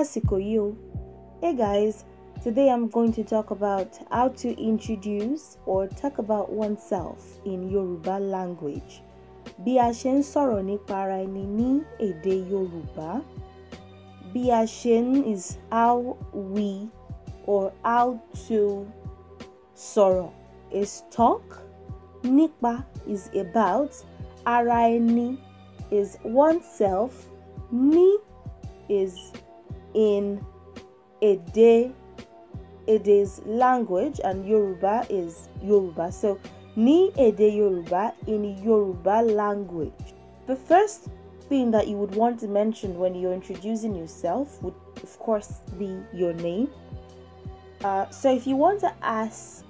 Classico you. Hey guys, today I'm going to talk about how to introduce or talk about oneself in Yoruba language. Bí a ṣe sọ̀rọ̀ nípa ara ni ní èdè Yorùbá. Bí a is how we or how to sọ̀rọ̀ is talk. Nípa is about. Ara ni is oneself. Ní is in Ede. Ede's language and Yoruba is Yoruba. So, Ni Ede Yoruba in Yoruba language. The first thing that you would want to mention when you're introducing yourself would, of course, be your name. Uh, so, if you want to ask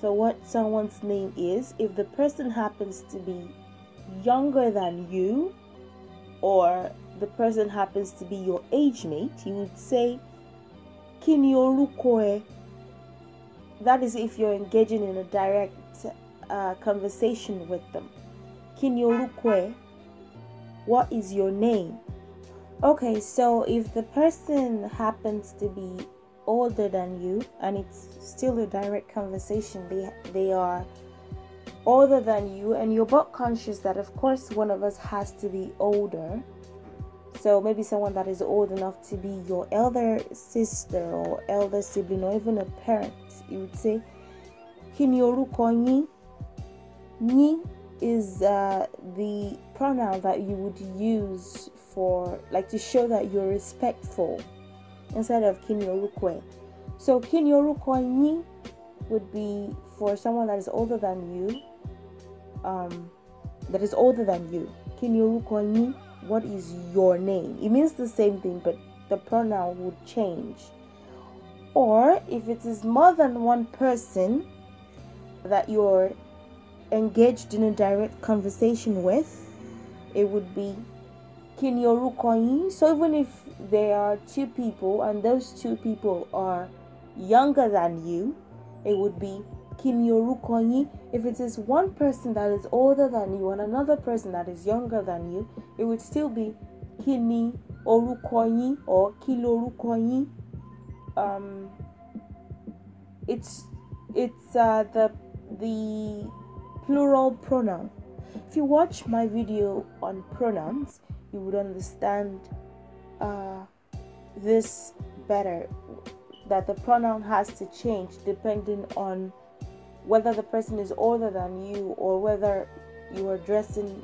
for what someone's name is, if the person happens to be younger than you or the person happens to be your age mate, you would say kini That is if you're engaging in a direct uh, conversation with them. Kini What is your name? Okay, so if the person happens to be older than you and it's still a direct conversation, they they are older than you and you're both conscious that of course one of us has to be older so maybe someone that is old enough to be your elder sister or elder sibling or even a parent, you would say, Kini oruko yin? is uh, the pronoun that you would use for, like, to show that you're respectful instead of Kini So Kini oruko would be for someone that is older than you, um, that is older than you. Kini oruko what is your name? It means the same thing, but the pronoun would change. Or if it is more than one person that you're engaged in a direct conversation with, it would be Kinyoru So even if there are two people and those two people are younger than you, it would be Kini yín. If it is one person that is older than you and another person that is younger than you, it would still be Kini orúkọ yín or Kí yín. Um, it's it's uh, the the plural pronoun. If you watch my video on pronouns, you would understand uh, this better that the pronoun has to change depending on whether the person is older than you or whether you are addressing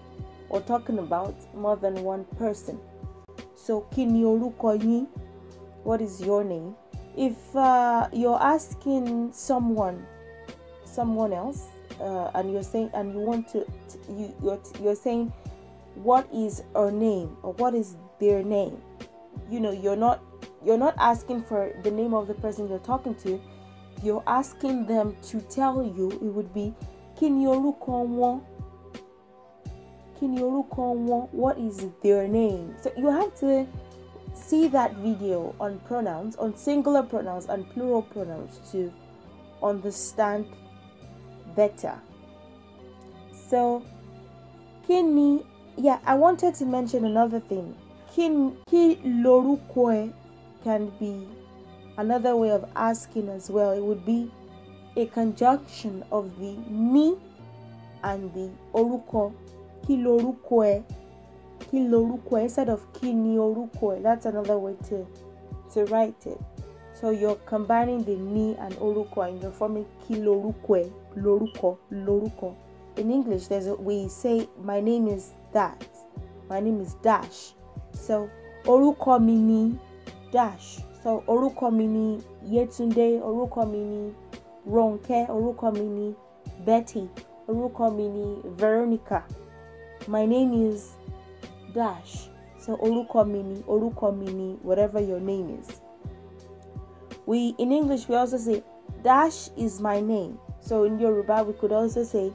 or talking about more than one person. So, kinyorukonyi, what is your name? If uh, you're asking someone, someone else, uh, and you're saying, and you want to, you you're, you're saying, what is her name or what is their name? You know, you're not you're not asking for the name of the person you're talking to you're asking them to tell you, it would be Kini oruko won? What is their name? So you have to see that video on pronouns, on singular pronouns and plural pronouns to understand better. So Kini, yeah, I wanted to mention another thing. Kin ki can be Another way of asking as well, it would be a conjunction of the me and the oruko. kiloruko, kiloruko Instead of kí ni That's another way to, to write it. So you're combining the ni and oruko and you're forming kiloruko, lorúkọ Lorúkọ, In English, there's a, we say my name is that. My name is dash. So orúkọ mi ni dash so orúkọ mi ni Yétúndé orúkọ mi ni Rónkẹ́ orúkọ mi ni Betty orúkọ mi ni Veronica my name is Dash so orúkọ mi ni orúkọ mi ni whatever your name is we in English we also say Dash is my name so in Yoruba we could also say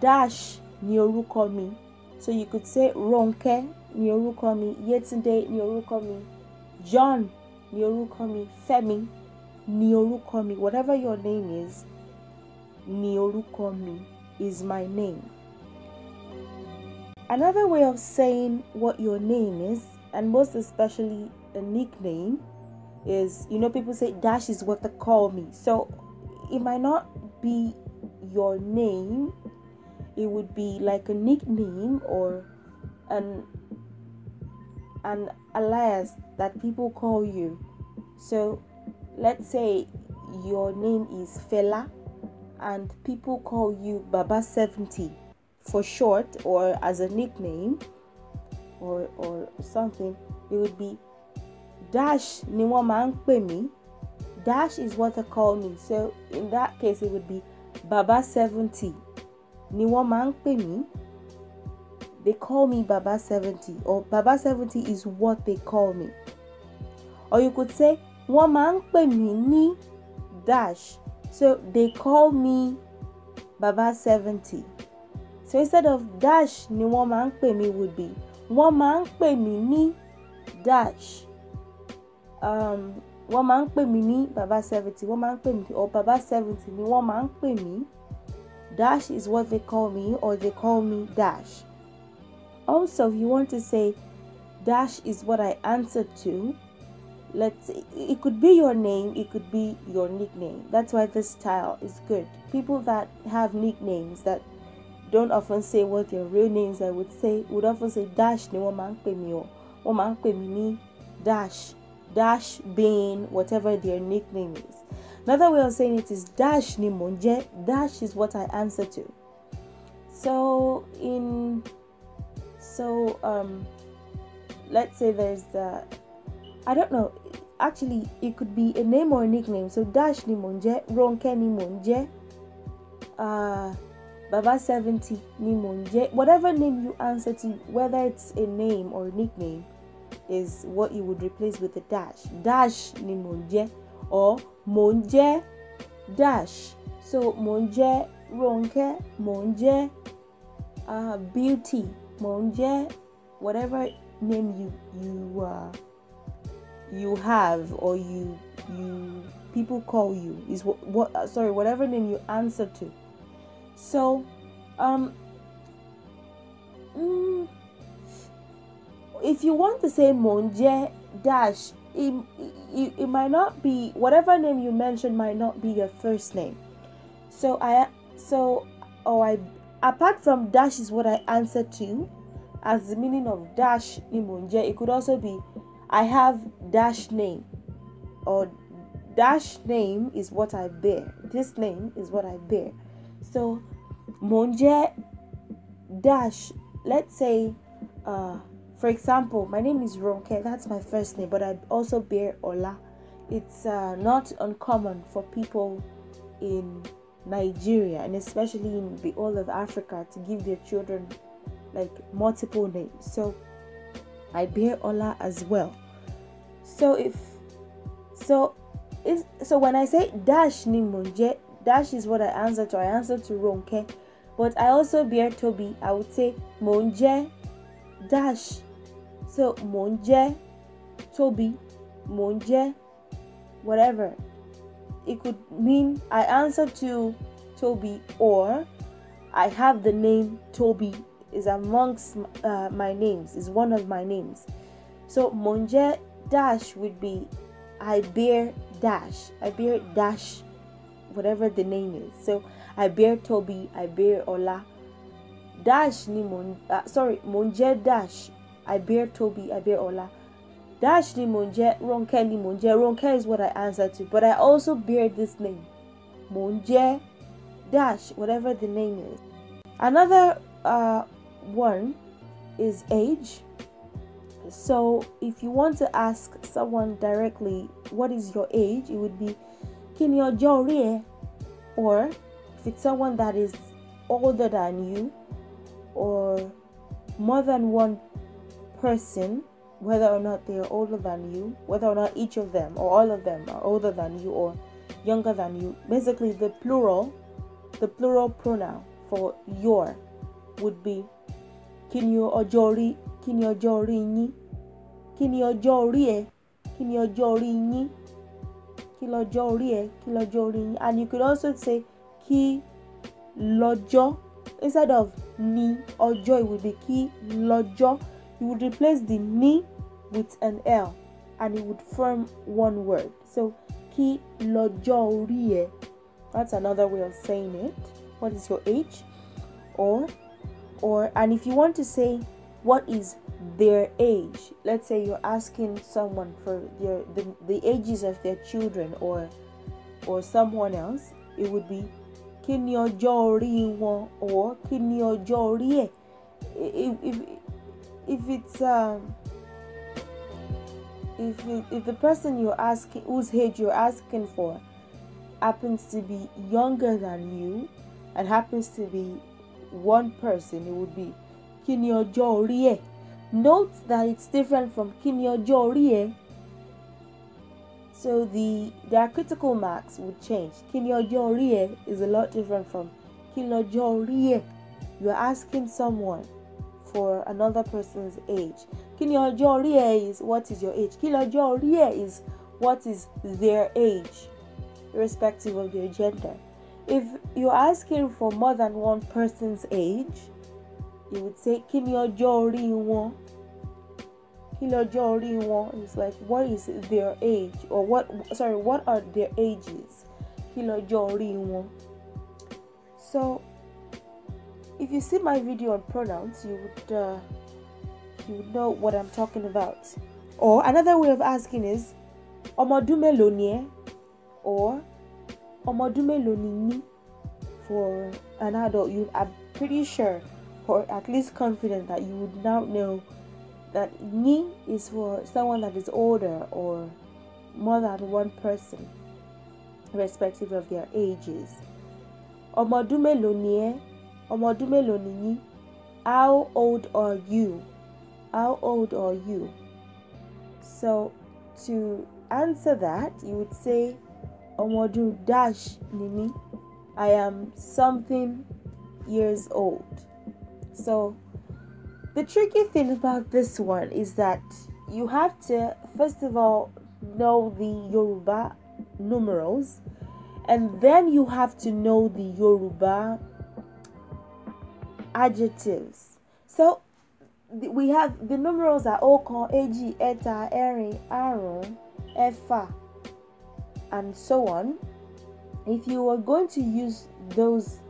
Dash ni orúkọ mi so you could say Rónkẹ́ ni orúkọ mi Yétúndé ni orúkọ mi John ni orúkọ Fẹ́mi ni whatever your name is ni is my name. Another way of saying what your name is, and most especially a nickname, is you know, people say Dash is what they call me. So it might not be your name, it would be like a nickname or an an alias that people call you. So let's say your name is Fela and people call you Baba70 for short or as a nickname or, or something, it would be Dash ni Dash is what they call me. So in that case, it would be Baba70 ni They call me Baba 70 or Baba 70 is what they call me. Or you could say Woman máa ń dash. So they call me Baba 70. So instead of dash ni woman máa ń would be Woman máa ń dash. Um, Woman máa ń baba seventy Woman máa ń or baba seventy ni woman máa ń dash is what they call me or they call me dash Also, if you want to say, Dash is what I answered to, let's it could be your name, it could be your nickname. That's why this style is good. People that have nicknames that don't often say what their real names I would say would often say Dash ni wọ́n máa ń pè o. Dash, Dash being whatever their nickname is. Another way of saying it is Dash ni monje. Dash is what I answer to. So in so um, let's say there's a i don't know actually it could be a name or a nickname so dash ni monje ronke ni monje uh, baba 70 ni monje whatever name you answer to whether it's a name or a nickname is what you would replace with a dash dash ni monje or monje dash so monje ronke monje uh, beauty Monje, whatever name you you uh, you have or you you people call you is what, what sorry whatever name you answer to so um mm, if you want to say monje dash it, it, it might not be whatever name you mentioned might not be your first name so i so oh i Apart from dash is what I answer to, as the meaning of dash nimunje, it could also be I have dash name or dash name is what I bear. This name is what I bear. So monje dash let's say uh, for example my name is Ronke that's my first name but I also bear Ola it's uh, not uncommon for people in Nigeria and especially in the all of Africa to give their children like multiple names. So I bear Ola as well. So if so is so when I say dash ni dash is what I answer to. I answer to Ronke, but I also bear Toby. I would say monje dash. So monje Toby, monje whatever it could mean I answer to Toby or I have the name Toby is amongst uh, my names, is one of my names. So Monje dash would be I bear dash, I bear dash, whatever the name is. So I bear Toby, I bear Ola. Dash ni mon, uh, sorry, Monje dash, I bear Toby, I bear Ola. Dash Limonje, Ronke Limonje. Ronke is what I answer to, but I also bear this name. Monje, Dash, whatever the name is. Another uh, one is age. So if you want to ask someone directly, what is your age? It would be Kinyo Jorie. Or if it's someone that is older than you or more than one person, whether or not they are older than you, whether or not each of them or all of them are older than you or younger than you. Basically, the plural, the plural pronoun for your would be kinyo ojori, kinyo ojori ni, kinyo ojori e, kinyo ojori ni, kinyo ojori e, ni. And you could also say ki lojo instead of ni ojo, it would be ki lojo you would replace the me with an L and it would form one word. So, ki lojorie. That's another way of saying it. What is your age? Or, or, and if you want to say what is their age, let's say you're asking someone for their, the, the ages of their children or, or someone else, it would be kini ojo or ki ojo If, if, if it's um, if it, if the person you're asking whose age you're asking for happens to be younger than you and happens to be one person, it would be kini ojo orie. Note that it's different from kini ojo So the their critical marks would change. Kini ojo is a lot different from kini ojo You're asking someone for another person's age. Kí ni ọjọ́ is what is your age? Kilo ni is what is their age, irrespective of their gender. If you're asking for more than one person's age, you would say kí ni ọjọ́ orí wọn? Kí ni like what is their age or what sorry, what are their ages? Kilo ni ọjọ́ So if you see my video on pronouns, you would uh, you would know what I'm talking about. Or another way of asking is Omodume lonie or Omodume lonini for an adult. You, are pretty sure, or at least confident, that you would now know that ni is for someone that is older or more than one person, respective of their ages. Omodume lonie ọmọ ọdún mélòó ni yín how old are you how old are you so to answer that you would say ọmọ ọdún dash ni mí I am something years old so the tricky thing about this one is that you have to first of all know the Yoruba numerals and then you have to know the Yoruba adjectives. So we have the numerals are ọ̀kan, èjì, ẹ̀ta, eri, àrún, ẹ̀fà, and so on. If you are going to use those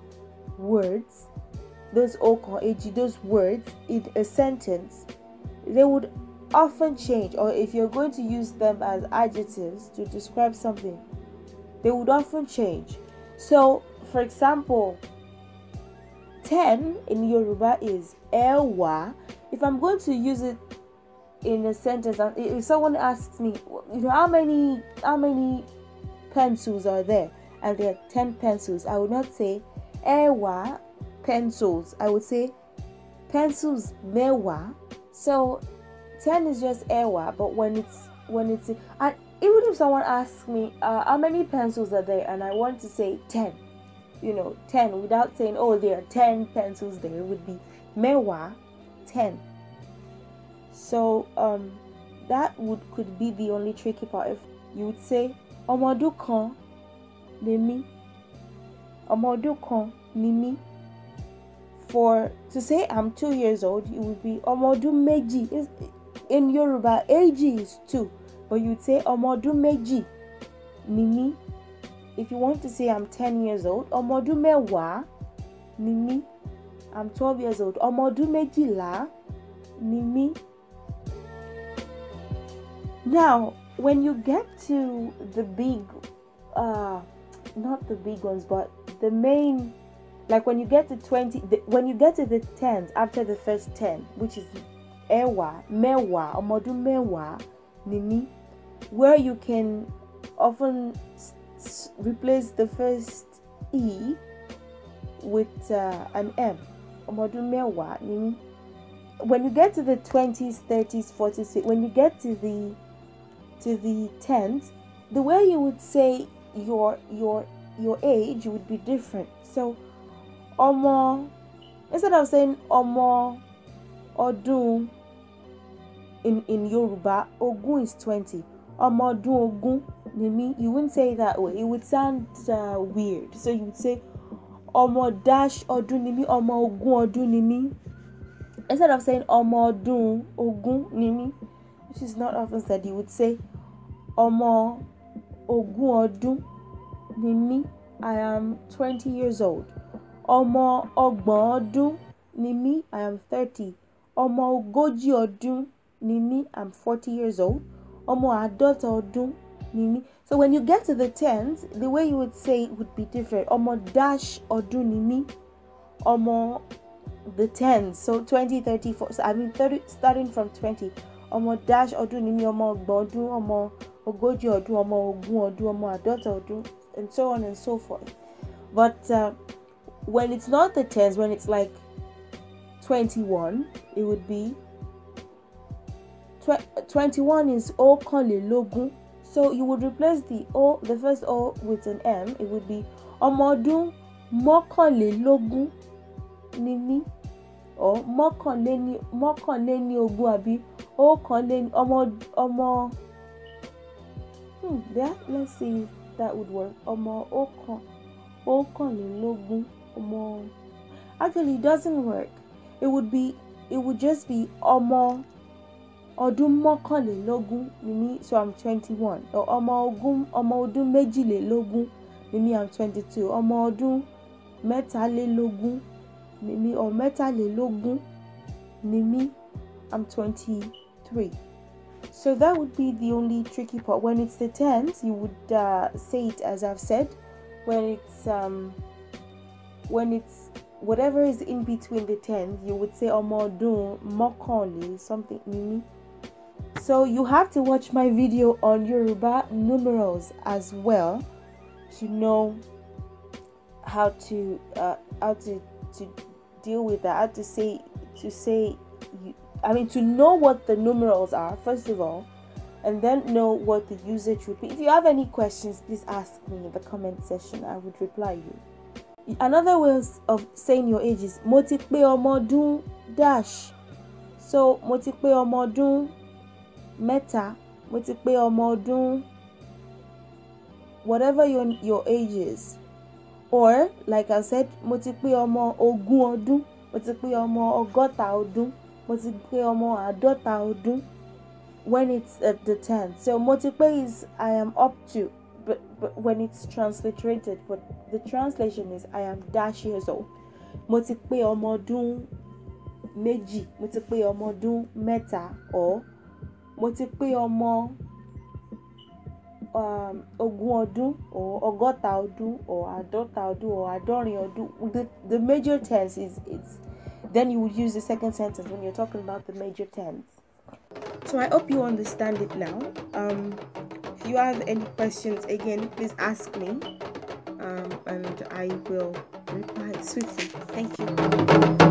words, those ọ̀kan, èjì, those words in a sentence, they would often change. Or if you're going to use them as adjectives to describe something, they would often change. So, for example, 10 in Yoruba is Ewa. If I'm going to use it in a sentence, if someone asks me, you know, how many how many pencils are there? And there are 10 pencils. I would not say Ewa pencils. I would say pencils mewa. So 10 is just Ewa, but when it's when it's and even if someone asks me uh, how many pencils are there and I want to say 10 you know, 10 without saying, oh, there are 10 pencils there. It would be mewa, 10. So um, that would could be the only tricky part. If you would say, ọmọdún kan nimi, mí, ọmọdún kan ni For to say I'm two years old, it would be ọmọdún méjì. In Yoruba, age is two, but you'd say ọmọdún méjì nimi if you want to say I'm 10 years old, Omodu ọdún wa, ni mí. I'm 12 years old. Omodu ọdún méjìlá ni mí. Now, when you get to the big, uh, not the big ones, but the main, like when you get to 20, the, when you get to the 10th, after the first 10, which is Ewa, Mewa, Omodu Mewa, Nini, where you can often replace the first E with uh, an M. When you get to the 20s, 30s, 40s, when you get to the to the 10th, the way you would say your your your age would be different. So omo instead of saying omo do in in Yoruba, ogun is 20. Omo do ogun Nimi, you wouldn't say that way. It would sound uh, weird. So you would say, Omo dash odun nimi, Omo ogun odun nimi. Instead of saying Omo odun ogun nimi," which is not often said, you would say Omo ogun odun nimi." I am 20 years old. Omo ogbon odun nimi. I am 30. Omo ogoji odun nimi. I'm 40 years old. Omo adult odun so when you get to the tens, the way you would say it would be different. Omo dash odu nimi. Omo the tens. So 20, 30, 40, so I mean 30, starting from 20. Omo dash odu nimi, omo ogbondu, omo ogoji odu, omo ogun odu, omo adota odu, and so on and so forth. But uh, when it's not the tens, when it's like 21, it would be 21 is logo. So you would replace the O, the first O with an M. It would be le Logu Nimi or Mokonleni Mokonleni Ogun abi Okanleni Omo Omo Hmm, there, let's see if that would work. Omo le Logu Omo Actually, it doesn't work. It would be it would just be Omo ọdún mọ́kànlélógún ni mí so i'm twenty one ọmọ ogún ọmọ ọdún méjìlélógún ni mí i'm twenty two ọmọ ọdún mẹ́tàlélógún ni mí ọ mẹ́tàlélógún ni mí i'm twenty three. So that would be the only tricky part. When it's the tense, you would uh, say it as I've said. When it's um, when it's whatever is in between the tense, you would say omodun, mokanle something mimi. So you have to watch my video on Yoruba numerals as well to know how to uh, how to to deal with that. How to say to say you, I mean to know what the numerals are first of all, and then know what the usage would be. If you have any questions, please ask me in the comment section. I would reply you. Another way of saying your age is ọmọ dash. So mo ti ọmọ mẹ́ta mo ti pé ọmọ ọdún whatever your, your age is or like I said mo ti pé ọmọ ogún ọdún mo ti pé ọmọ ọgọ́ta ọdún mo ti pé ọmọ àádọ́ta ọdún when it's at the ten so mo ti pé is I am up to but, but when it's transliterated but the translation is I am dash years old mo ti pé ọmọ ọdún méjì mo ti pé ọmọ ọdún mẹ́ta or. mo ti pé ọmọ um, ogún ọdún or ọgọ́ta ọdún or àádọ́ta ọdún or àádọ́rin ọdún the the major tense is it's then you would use the second sentence when you're talking about the major tense. So I hope you understand it now. Um, if you have any questions again, please ask me, um, and I will reply swiftly. Thank you.